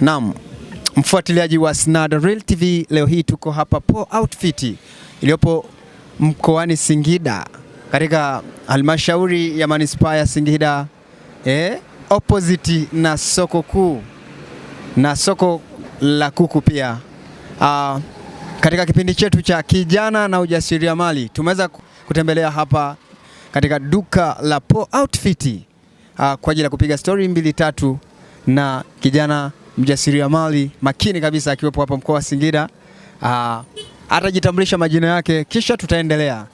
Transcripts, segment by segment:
Naam, mfuatiliaji wa Snada Real TV, leo hii tuko hapa Po Outfit iliyopo mkoani Singida katika halmashauri ya manispaa ya Singida eh, opposite na soko kuu na soko la kuku pia. Uh, katika kipindi chetu cha kijana na ujasiriamali tumeweza kutembelea hapa katika duka la Po Outfit uh, kwa ajili ya kupiga stori mbili tatu na kijana mjasiriamali makini kabisa akiwepo hapa mkoa wa Singida. Aa, ah, atajitambulisha majina yake kisha tutaendelea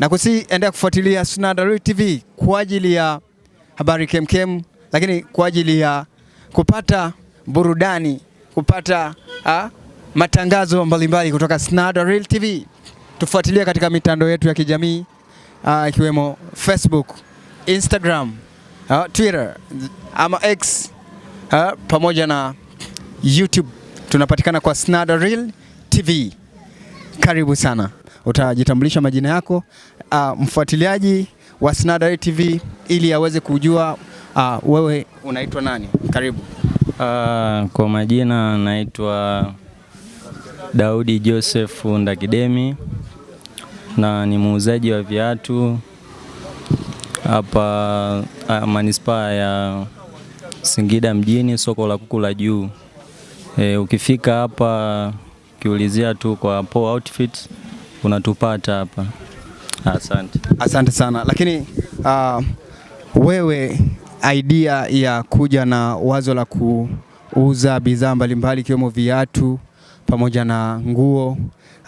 na kusi kusiendelea kufuatilia Suna Real TV kwa ajili ya habari kemkem, lakini kwa ajili ya kupata burudani, kupata aa, ah, matangazo mbalimbali mbali kutoka Suna Real TV. Tufuatilie katika mitandao yetu ya kijamii ah, ikiwemo Facebook, Instagram, aa, Twitter ama X uh, pamoja na YouTube tunapatikana kwa Snada Real TV. Karibu sana, utajitambulisha majina yako uh, mfuatiliaji wa Snada Real TV ili aweze kujua uh, wewe unaitwa nani. Karibu. Uh, kwa majina naitwa Daudi Joseph Ndakidemi na ni muuzaji wa viatu hapa uh, manispaa ya Singida mjini, soko la kuku la juu. E, ukifika hapa ukiulizia tu kwa Poa Outfit unatupata hapa. Asante, asante sana. Lakini uh, wewe idea ya kuja na wazo la kuuza bidhaa mbalimbali ikiwemo viatu pamoja na nguo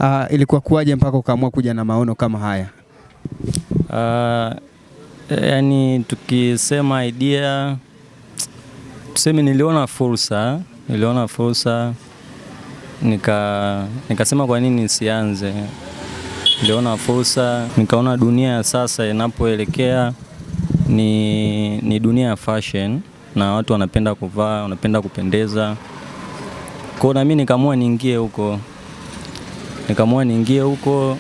uh, ilikuwa kuwaje mpaka ukaamua kuja na maono kama haya? Uh, yani tukisema idea tuseme, niliona fursa, niliona fursa nika nikasema kwa nini nisianze? Niliona fursa, nikaona dunia ya sasa inapoelekea ni, ni dunia ya fashion na watu wanapenda kuvaa, wanapenda kupendeza kwao, na mimi nikaamua niingie huko, nikaamua niingie huko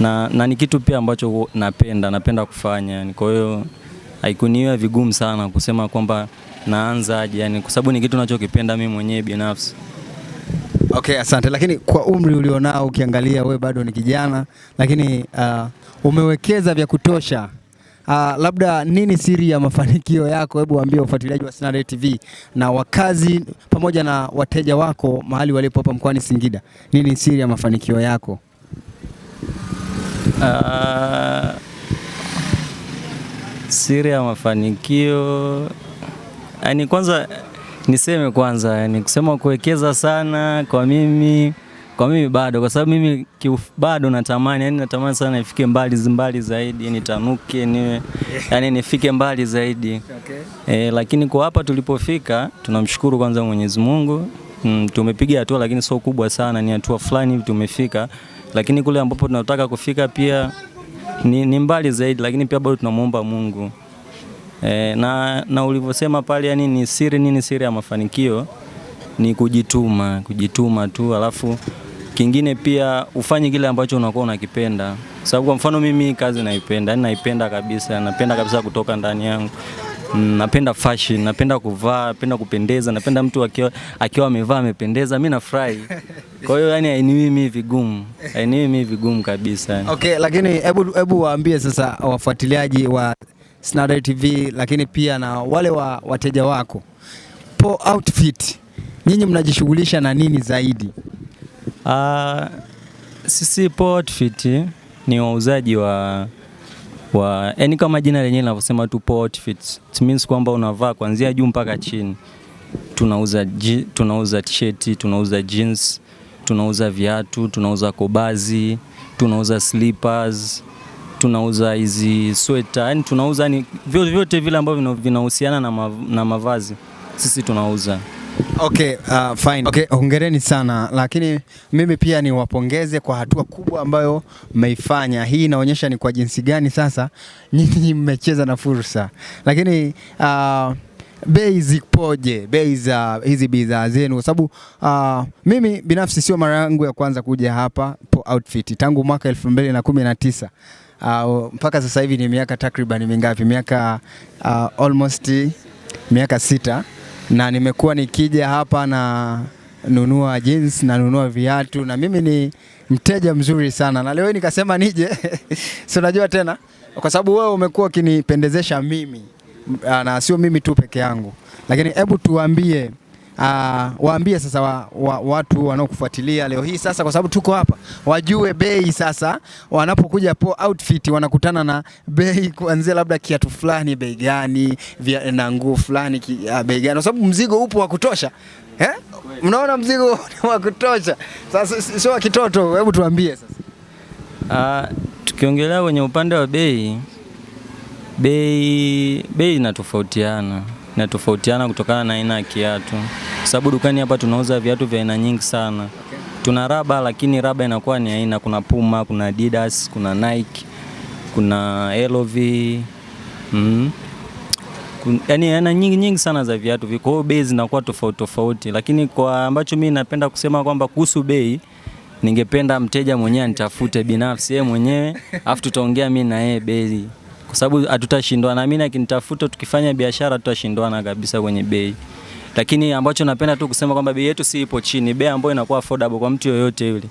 na, na ni kitu pia ambacho napenda napenda kufanya. Kwa hiyo haikuniwa vigumu sana kusema kwamba naanzaje, yani kwa sababu ni kitu ninachokipenda mimi mwenyewe binafsi. Okay, asante. Lakini kwa umri ulionao ukiangalia, we bado ni kijana, lakini uh, umewekeza vya kutosha. Uh, labda nini siri ya mafanikio yako? Hebu waambie wafuatiliaji wa Sinare TV na wakazi pamoja na wateja wako mahali walipo hapa mkoani Singida, nini siri ya mafanikio yako? Uh, siri ya mafanikio yani kwanza niseme kwanza, yani kusema kuwekeza sana kwa mimi kwa mimi bado, kwa sababu mimi bado natamani, yani natamani sana nifike mbali mbali zaidi, nitanuke niwe yani nifike mbali zaidi okay. E, lakini kwa hapa tulipofika tunamshukuru kwanza Mwenyezi Mungu. Mm, tumepiga hatua lakini sio kubwa sana, ni hatua fulani hivi tumefika, lakini kule ambapo tunataka kufika pia ni, ni mbali zaidi, lakini pia bado tunamwomba Mungu E, na, na ulivyosema pale yani ni siri nini, siri ya mafanikio ni kujituma, kujituma tu, alafu kingine pia ufanye kile ambacho unakuwa unakipenda, sababu kwa mfano mimi kazi naipenda, yani naipenda kabisa, napenda kabisa kutoka ndani yangu mm, napenda fashion, napenda kuvaa, napenda kupendeza, napenda mtu akiwa akiwa amevaa amependeza, mimi nafurahi. Kwa hiyo yani hainiwi mimi vigumu, hainiwi mimi vigumu kabisa. Okay, lakini hebu hebu waambie sasa wafuatiliaji wa Snada TV, lakini pia na wale wa wateja wako po outfit, nyinyi mnajishughulisha na nini zaidi? Uh, sisi po outfit ni wauzaji wa wa yani, kama jina lenyewe linavyosema tu po outfit, it means kwamba unavaa kuanzia juu mpaka chini. Tunauza tunauza t-shirt, tunauza jeans, tunauza viatu, tunauza kobazi, tunauza slippers tunauza hizi sweta, yani tunauza yani vyovyote vile ambavyo vinahusiana na, mav, na mavazi sisi tunauza. Okay, uh, fine. Okay, hongereni sana lakini mimi pia niwapongeze kwa hatua kubwa ambayo mmeifanya. Hii inaonyesha ni kwa jinsi gani sasa nyinyi mmecheza na fursa. Lakini uh, bei zipoje? Bei za hizi bidhaa zenu, kwa sababu uh, mimi binafsi sio mara yangu ya kwanza kuja hapa po outfit tangu mwaka elfu mbili na kumi na tisa uh, mpaka sasa hivi ni miaka takriban mingapi? Miaka uh, almost miaka sita, na nimekuwa nikija hapa na nunua jeans na nunua viatu, na mimi ni mteja mzuri sana, na leo nikasema nije si unajua tena, kwa sababu wewe umekuwa ukinipendezesha mimi uh, na sio mimi tu peke yangu, lakini hebu tuambie Uh, waambie sasa wa, wa, watu wanaokufuatilia leo hii sasa, kwa sababu tuko hapa, wajue bei sasa. Wanapokuja po outfit wanakutana na bei kuanzia labda kiatu fulani bei gani na nguo fulani ah, bei gani, kwa sababu mzigo upo wa kutosha eh? Mnaona mzigo wa kutosha sasa, sio wa kitoto. Hebu tuambie sasa, uh, tukiongelea kwenye upande wa bei, bei bei inatofautiana inatofautiana kutokana na aina ya kiatu kwa sababu dukani hapa tunauza viatu vya aina nyingi sana okay. Tuna raba lakini raba inakuwa ni aina, kuna Puma, kuna Adidas, kuna Nike, kuna LV mm. Yani, aina nyingi nyingi sana za viatu, viko, bei zinakuwa tofauti tofauti, lakini kwa ambacho mimi napenda kusema kwamba kuhusu bei ningependa mteja mwenyewe anitafute binafsi yeye mwenyewe, afu tutaongea mimi na yeye bei, kwa sababu hatutashindwana. Mimi akinitafuta, tukifanya biashara tutashindwana kabisa kwenye bei lakini ambacho napenda tu kusema kwamba bei yetu si ipo chini, bei ambayo inakuwa affordable kwa mtu yoyote yule.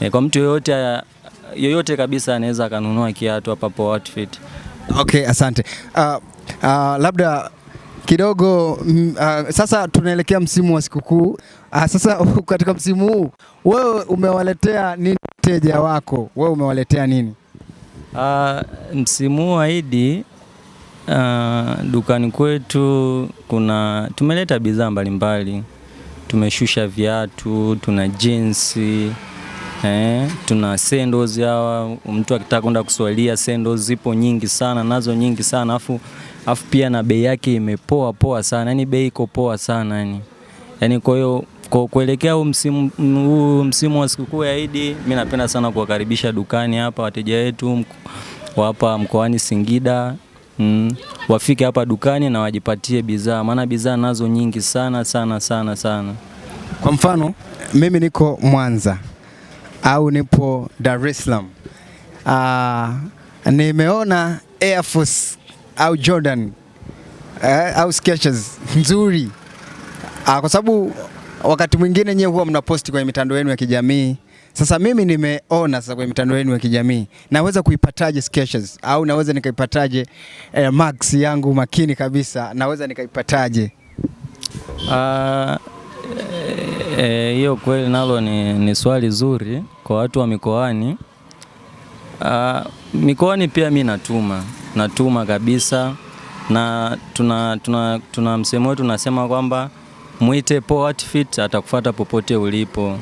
E, kwa mtu yoyote yoyote kabisa anaweza akanunua kiatu hapa kwa outfit. Okay, asante. Uh, uh, labda kidogo uh, sasa tunaelekea msimu wa sikukuu uh, sasa katika msimu huu wewe umewaletea nini wateja wako? Wewe umewaletea nini? Uh, msimu wa Idi Uh, dukani kwetu kuna tumeleta bidhaa mbalimbali, tumeshusha viatu, tuna jinsi eh, tuna sandals. Hawa mtu akitaka kwenda kuswalia sandals zipo nyingi sana, nazo nyingi sana afu, afu pia na bei yake imepoa poa sana, yani bei iko poa sana yani, yani kwa hiyo kwa kuelekea huu msimu, huu msimu wa sikukuu ya Idi, mimi napenda sana kuwakaribisha dukani hapa wateja wetu wa hapa mkoani Singida mm, wafike hapa dukani na wajipatie bidhaa, maana bidhaa nazo nyingi sana sana sana sana. Kwa mfano mimi niko Mwanza au nipo Dar es Salaam, uh, nimeona Air Force au Jordan uh, au Skechers nzuri uh, kwa sababu wakati mwingine nyewe huwa mnaposti kwenye mitandao yenu ya kijamii sasa mimi nimeona sasa kwenye mitandao yenu ya kijamii, naweza kuipataje sketches au naweza nikaipataje eh, max yangu makini kabisa, naweza nikaipataje ah, eh, eh, hiyo? Uh, eh, kweli nalo ni, ni swali zuri kwa watu wa mikoani. Uh, mikoani pia mi natuma natuma kabisa, na tuna, tuna, tuna msemo wetu unasema kwamba mwite poa outfit atakufuata popote ulipo.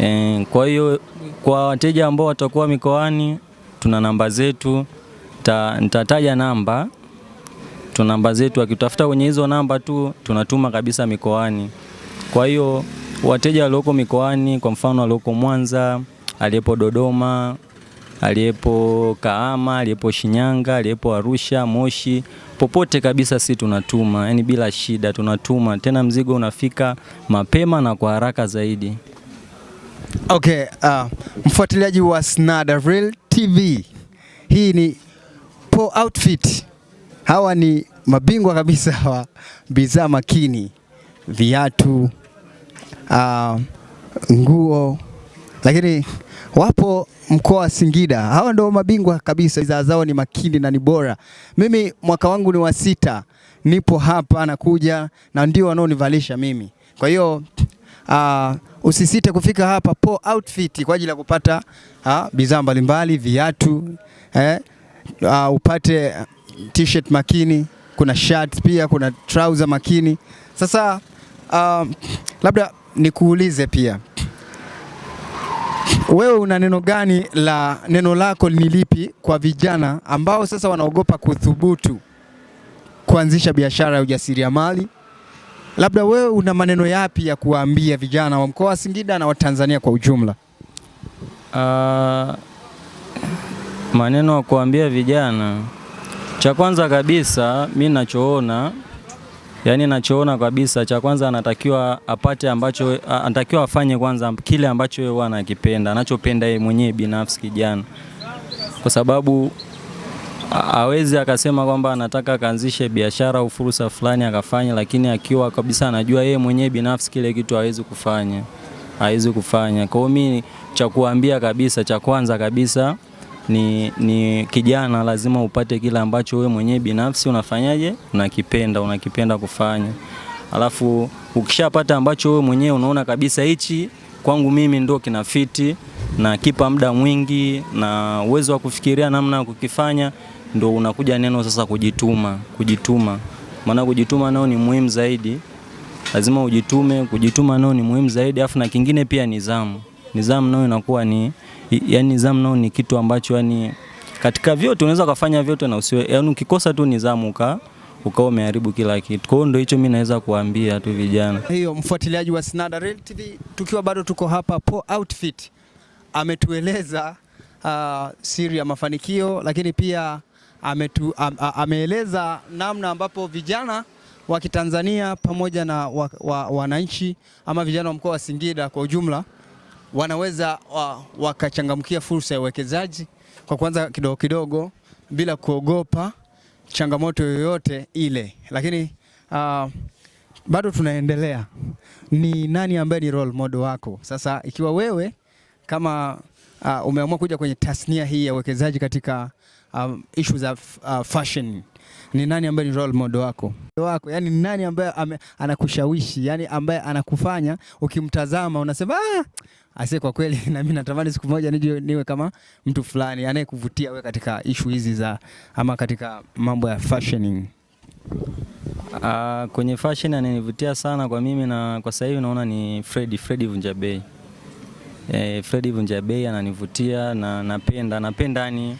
E, kwa hiyo kwa wateja ambao watakuwa mikoani tuna namba zetu, nitataja namba, tuna namba zetu, akitafuta kwenye hizo namba tu tunatuma kabisa mikoani. Kwa hiyo wateja walioko mikoani, kwa mfano walioko Mwanza, aliyepo Dodoma, aliyepo Kahama, aliyepo Shinyanga, aliyepo Arusha, Moshi, popote kabisa, si tunatuma, yani bila shida tunatuma, tena mzigo unafika mapema na kwa haraka zaidi. Okay, uh, mfuatiliaji wa Snada Real TV. Hii ni Po Outfit. Hawa ni mabingwa kabisa wa bidhaa makini, viatu, uh, nguo, lakini wapo mkoa wa Singida. Hawa ndio mabingwa kabisa, bidhaa zao ni makini na ni bora. Mimi mwaka wangu ni wa sita, nipo hapa nakuja na ndio wanaonivalisha mimi, kwa hiyo uh, Usisite kufika hapa Po Outfit kwa ajili ya kupata bidhaa mbalimbali, viatu eh, uh, upate t-shirt makini, kuna shirt pia, kuna trouser makini. Sasa uh, labda nikuulize pia wewe una neno gani la neno lako ni lipi kwa vijana ambao sasa wanaogopa kuthubutu kuanzisha biashara ya ujasiriamali Labda wewe una maneno yapi ya kuwaambia vijana wa mkoa wa Singida na wa Tanzania kwa ujumla? Uh, maneno ya kuambia vijana, cha kwanza kabisa mi nachoona, yani nachoona kabisa, cha kwanza anatakiwa apate ambacho anatakiwa afanye kwanza kile ambacho yeye anakipenda, anachopenda yeye mwenyewe binafsi kijana, kwa sababu awezi akasema kwamba anataka akaanzishe biashara au fursa fulani akafanya, lakini akiwa kabisa anajua yeye mwenyewe binafsi kile kitu hawezi kufanya, hawezi kufanya. Kwa hiyo mimi cha kuambia kabisa, cha kwanza kabisa ni, ni kijana, lazima upate kile ambacho wewe mwenyewe binafsi unafanyaje, unakipenda, unakipenda kufanya, alafu ukishapata ambacho wewe mwenyewe unaona kabisa hichi kwangu mimi ndio kinafiti na kipa muda mwingi na uwezo wa kufikiria namna ya kukifanya ndo unakuja neno sasa kujituma. Kujituma maana kujituma nao ni muhimu zaidi, lazima ujitume. Kujituma nao ni muhimu zaidi, afu na kingine pia nizamu. Nizamu nao inakuwa ni yani, nizamu nao ni kitu ambacho yani katika vyote unaweza kufanya vyote na usiwe yani, ukikosa tu nizamu uka ukawa umeharibu kila kitu. Kwa hiyo ndio hicho mimi naweza kuambia tu vijana. Hiyo mfuatiliaji wa Snada Real TV, tukiwa bado tuko hapa, Po Outfit ametueleza uh, siri ya mafanikio, lakini pia ametu, am, ameeleza namna ambapo vijana wa Kitanzania pamoja na wananchi wa, wa ama vijana wa mkoa wa Singida kwa ujumla wanaweza wa, wakachangamkia fursa ya uwekezaji kwa kwanza kidogo kidogo bila kuogopa changamoto yoyote ile. Lakini uh, bado tunaendelea, ni nani ambaye ni role model wako? Sasa ikiwa wewe kama uh, umeamua kuja kwenye tasnia hii ya uwekezaji katika um, issue za uh, fashion ni nani ambaye ni role model wako wako, yani ni nani ambaye anakushawishi, yani ambaye anakufanya ukimtazama unasema ah, asiye kwa kweli, na mimi natamani siku moja nije niwe kama mtu fulani anayekuvutia wewe katika issue hizi za ama katika mambo ya fashioning. Uh, kwenye fashion ananivutia sana kwa mimi na kwa sasa hivi naona ni Freddy Freddy Vunjabei. Eh, Freddy Vunjabei ananivutia na napenda napenda ni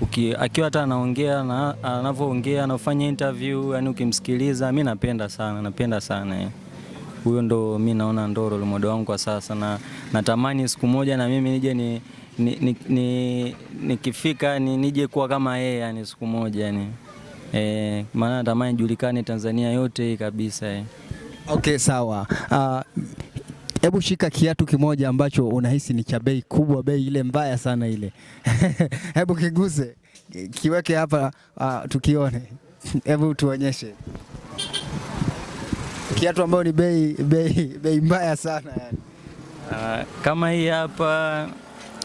uki, akiwa hata anaongea na anavyoongea anafanya interview, yani ukimsikiliza, mi napenda sana, napenda sana eh. huyo ndo mi naona ndo role model wangu kwa sasa, na natamani siku moja na mimi nije ni nikifika ni, ni, ni, ni, nije kuwa kama yeye yani siku moja yani. E, maana natamani julikane Tanzania yote kabisa. Eh. Okay, sawa. Uh, Hebu shika kiatu kimoja ambacho unahisi ni cha bei kubwa, bei ile mbaya sana ile. Hebu kiguse, kiweke hapa uh, tukione. Hebu tuonyeshe kiatu ambayo ni bei, bei, bei mbaya sana yani. Uh, kama hii hapa,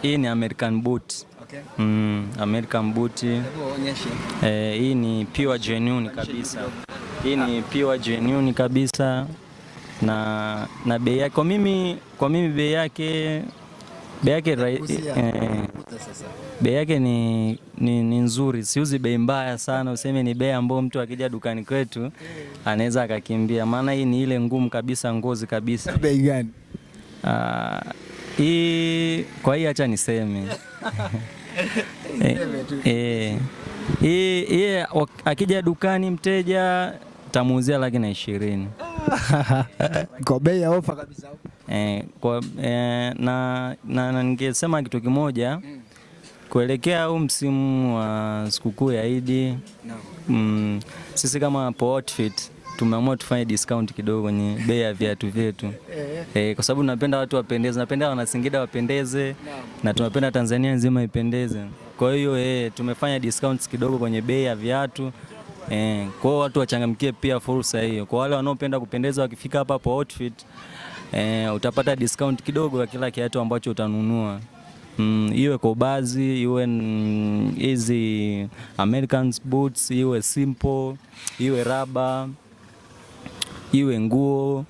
hii ni American boot. Okay. Mm, American boot. Hebu onyeshe. Eh, hii ni pure genuine kabisa. Hii ni pure genuine kabisa na, na bei yake kwa mimi, kwa mimi bei yake bei yake eh, bei yake ni, ni, ni nzuri, siuzi bei mbaya sana, useme ni bei ambayo mtu akija dukani kwetu mm. anaweza akakimbia, maana hii ni ile ngumu kabisa, ngozi kabisa. Bei gani? Uh, hii kwa hii acha niseme eh, eh, hii akija dukani mteja tamuuzia laki na ishirini. kwa bei ya ofa kabisa eh, kwa, eh, na, na, na ningesema kitu kimoja mm. kuelekea huu msimu wa sikukuu ya Idi mm, sisi kama Po Outfit tumeamua tufanye discount kidogo kwenye bei ya viatu vyetu eh, eh kwa sababu tunapenda watu wapendeze, napenda wanasingida wapendeze na tunapenda Tanzania nzima ipendeze. Kwa hiyo eh, tumefanya discounts kidogo kwenye bei ya viatu. Eh, kwa watu wachangamkie pia fursa hiyo. Kwa wale wanaopenda kupendeza wakifika hapa kwa outfit eh, utapata discount kidogo ya kila kiatu ambacho utanunua. Mm, iwe bazi iwe mm, hizi American boots iwe simple iwe raba iwe nguo,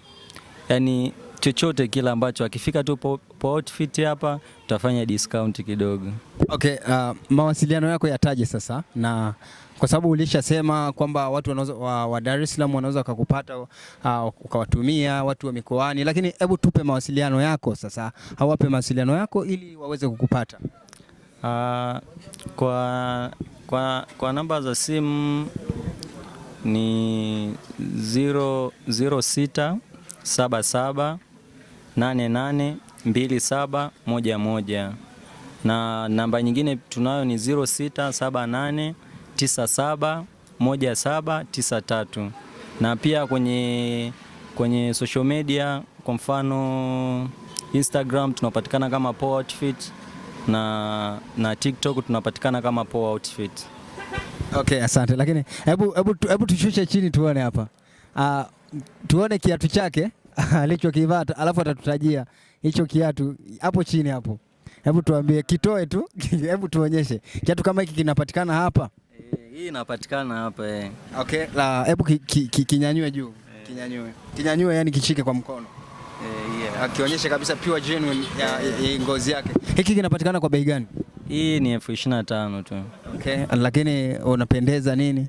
yani chochote kile ambacho akifika tu po, po outfit hapa utafanya discount kidogo. Okay, uh, mawasiliano yako yataje sasa na kwa sababu ulishasema kwamba watu wanaweza, wa, wa Dar es Salaam wanaweza wakakupata uh, ukawatumia watu wa mikoani, lakini hebu tupe mawasiliano yako sasa, hawape mawasiliano yako ili waweze kukupata. Uh, kwa, kwa, kwa namba za simu ni 0677882711 na namba nyingine tunayo ni 0678 971793 na pia kwenye, kwenye social media kwa mfano Instagram tunapatikana kama Poa Outfit na, na TikTok tunapatikana kama Poa Outfit. Okay, asante. Lakini hebu hebu hebu tushushe chini tuone hapa. Uh, tuone kiatu chake alichokivaa alafu atatutajia hicho kiatu hapo chini hapo. Hebu tuambie, kitoe tu, hebu tuonyeshe kiatu kama hiki kinapatikana hapa. Hii inapatikana hapa eh. Okay, la hebu ki, ki, ki, kinyanyue juu. Eh. Kinyanyue. Kinyanyue yani kichike kwa mkono. Eh, yeah. Akionyesha kabisa pure genuine ya, eh, ya ngozi yake. Hiki kinapatikana kwa bei gani? Hii ni elfu ishirini na tano tu. Okay, lakini unapendeza nini?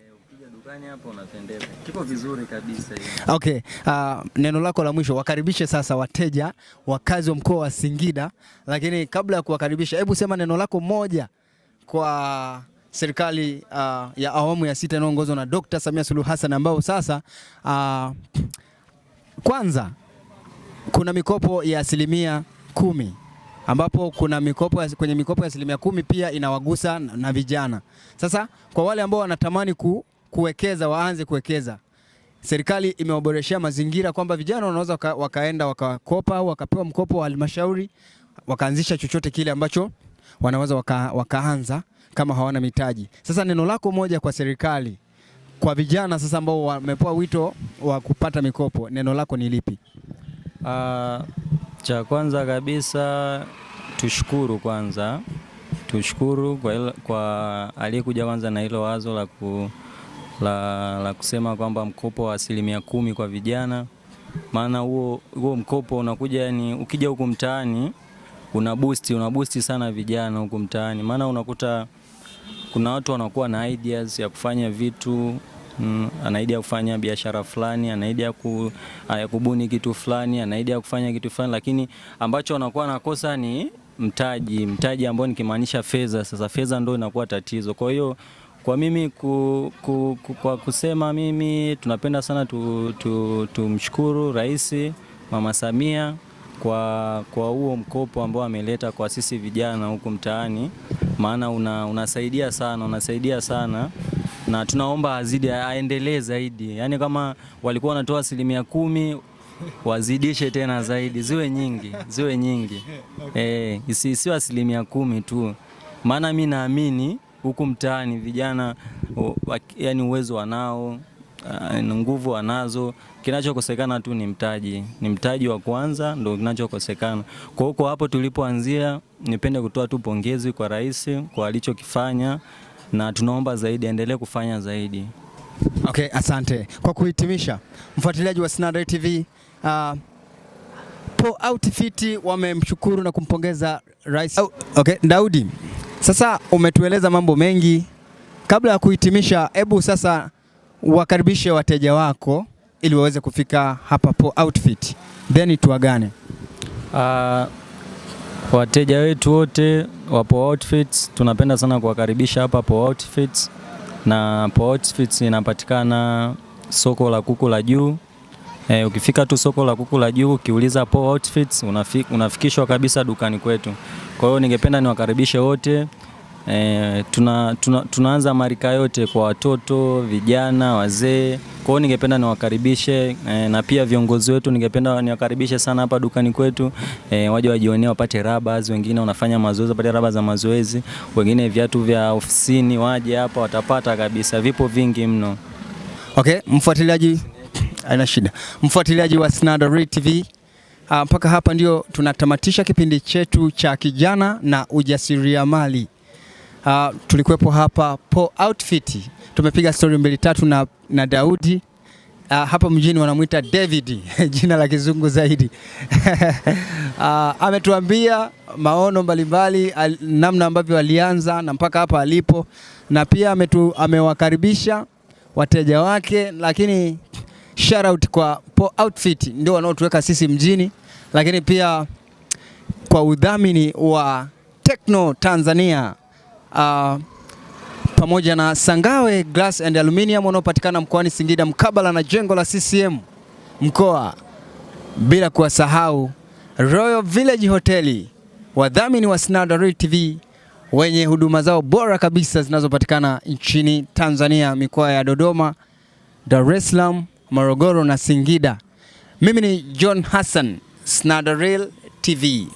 Eh, Kipo vizuri kabisa hiyo. Okay, uh, neno lako la mwisho wakaribishe sasa wateja wakazi wa mkoa wa Singida, lakini kabla ya kuwakaribisha, hebu sema neno lako moja kwa serikali uh, ya awamu ya sita inayoongozwa na Dr. Samia Suluhu Hassan ambao sasa uh, kwanza kuna mikopo ya asilimia kumi ambapo kuna mikopo ya, kwenye mikopo ya asilimia kumi pia inawagusa na, na vijana. Sasa kwa wale ambao wanatamani ku, kuwekeza waanze kuwekeza. Serikali imewaboreshea mazingira kwamba vijana wanaweza waka, wakaenda wakakopa au wakapewa mkopo wa halmashauri wakaanzisha chochote kile ambacho wanaweza waka, wakaanza kama hawana mitaji. Sasa neno lako moja kwa serikali, kwa vijana sasa ambao wamepewa wito wa kupata mikopo, neno lako ni lipi? Uh, cha kwanza kabisa tushukuru kwanza, tushukuru kwa, kwa aliyekuja kwanza na hilo wazo la, ku, la, la kusema kwamba mkopo wa asilimia kumi kwa vijana, maana huo huo mkopo unakuja ni ukija huku mtaani una boost, una boost sana vijana huku mtaani, maana unakuta kuna watu wanakuwa na ideas ya kufanya vitu Mm, ana idea ya kufanya biashara fulani, ana idea ku, ya eh, kubuni kitu fulani, ana idea ya kufanya kitu fulani, lakini ambacho wanakuwa anakosa ni mtaji, mtaji ambao nikimaanisha fedha. Sasa fedha ndio inakuwa tatizo. Kwa hiyo kwa mimi ku, ku, ku, kwa kusema mimi tunapenda sana tumshukuru tu, tu Rais Mama Samia kwa kwa huo mkopo ambao ameleta kwa sisi vijana huku mtaani, maana una, unasaidia sana unasaidia sana na tunaomba azidi aendelee zaidi, yaani kama walikuwa wanatoa asilimia kumi wazidishe tena zaidi, ziwe nyingi ziwe nyingi okay. E, isiwe asilimia kumi tu, maana mi naamini huku mtaani vijana yani uwezo wanao Eh, nguvu anazo. Kinachokosekana tu ni mtaji, ni mtaji wa kwanza ndo kinachokosekana. Kwa huko hapo tulipoanzia, nipende kutoa tu pongezi kwa rais kwa alichokifanya, na tunaomba zaidi aendelee kufanya zaidi. Okay, asante. Kwa kuhitimisha, mfuatiliaji wa Sinada TV uh, ah, po outfit wamemshukuru na kumpongeza rais. Oh, okay, Daudi, sasa umetueleza mambo mengi. Kabla ya kuhitimisha, hebu sasa wakaribishe wateja wako ili waweze kufika hapa Po Outfit, then tuagane. Uh, wateja wetu wote wa Po Outfits tunapenda sana kuwakaribisha hapa Po Outfits, na Po Outfits inapatikana soko la kuku la juu. E, ukifika tu soko la kuku la juu ukiuliza Po Outfits unafikishwa kabisa dukani kwetu. Kwa hiyo ningependa niwakaribishe wote E, tuna, tuna, tunaanza marika yote kwa watoto, vijana, wazee. Kwa hiyo ningependa niwakaribishe e, na pia viongozi wetu ningependa niwakaribishe sana hapa dukani kwetu e, waje wajionee, wapate rabas. Wengine wanafanya mazoezi, wapate raba za mazoezi, wengine viatu vya ofisini, waje hapa watapata kabisa, vipo vingi mno. Okay, mfuatiliaji ana shida, mfuatiliaji wa Snada TV ah, mpaka hapa ndio tunatamatisha kipindi chetu cha kijana na ujasiriamali uh, tulikuwepo hapa po outfit, tumepiga story mbili tatu na, na Daudi uh, hapa mjini wanamwita David jina la kizungu zaidi uh, ametuambia maono mbalimbali al, namna ambavyo alianza na mpaka hapa alipo, na pia ametu, amewakaribisha wateja wake, lakini shout out kwa po outfit ndio wanaotuweka sisi mjini, lakini pia kwa udhamini wa Tekno Tanzania uh, pamoja na Sangawe Glass and Aluminium wanaopatikana mkoani Singida mkabala na jengo la CCM mkoa, bila kuwasahau Royal Village Hoteli, wadhamini wa Real TV wenye huduma zao bora kabisa zinazopatikana nchini Tanzania, mikoa ya Dodoma, Dar es Salaam, Morogoro na Singida. Mimi ni John Hassan, Real TV.